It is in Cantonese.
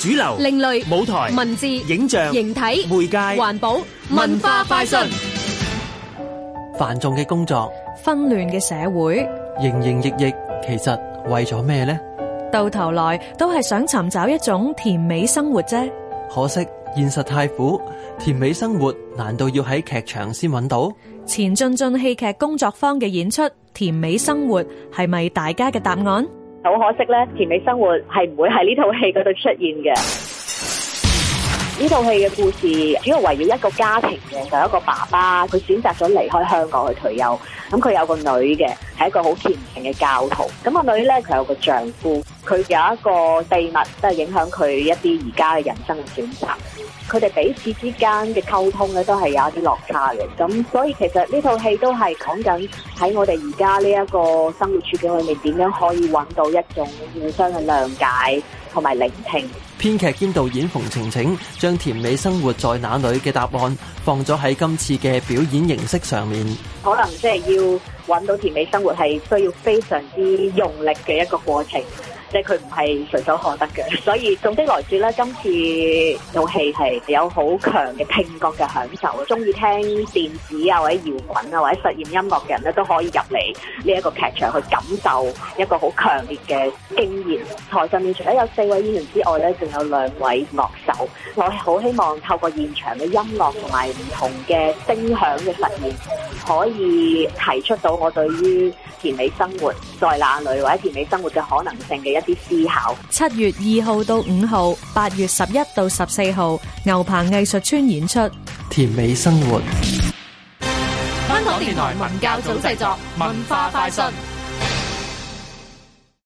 主流、另類舞台、文字、影像、形體、媒介、環保、文化快訊。繁重嘅工作，紛亂嘅社會，營營役役，其實為咗咩咧？到頭來都係想尋找一種甜美生活啫。可惜現實太苦，甜美生活難道要喺劇場先揾到？前進進戲劇工作坊嘅演出，甜美生活係咪大家嘅答案？好可惜咧，甜美生活係唔會喺呢套戲嗰度出現嘅。呢套戲嘅故事主要圍繞一個家庭嘅，就一個爸爸，佢選擇咗離開香港去退休。咁佢有個女嘅，係一個好虔誠嘅教徒。咁個女呢，佢有個丈夫，佢有一個秘密都係影響佢一啲而家嘅人生嘅選擇。佢哋彼此之間嘅溝通呢，都係有一啲落差嘅。咁所以其實呢套戲都係講緊喺我哋而家呢一個生活處境裏面，點樣可以揾到一種互相嘅諒解。同埋聆聽，編劇兼導演馮晴晴將甜美生活在哪裏嘅答案放咗喺今次嘅表演形式上面，可能即係要揾到甜美生活係需要非常之用力嘅一個過程。即係佢唔係隨手可得嘅，所以總的來說咧，今次套戲係有好強嘅聽覺嘅享受。中意聽電子啊，或者搖滾啊，或者實驗音樂嘅人咧，都可以入嚟呢一個劇場去感受一個好強烈嘅經驗。台上面除咗有四位演員之外咧，仲有兩位樂手。我係好希望透過現場嘅音樂同埋唔同嘅聲響嘅實驗，可以提出到我對於甜美生活在哪裏，或者甜美生活嘅可能性嘅一啲思考。七月二號到五號，八月十一到十四號，牛棚藝術村演出《甜美生活》。香港電台文教組製作，文化快訊。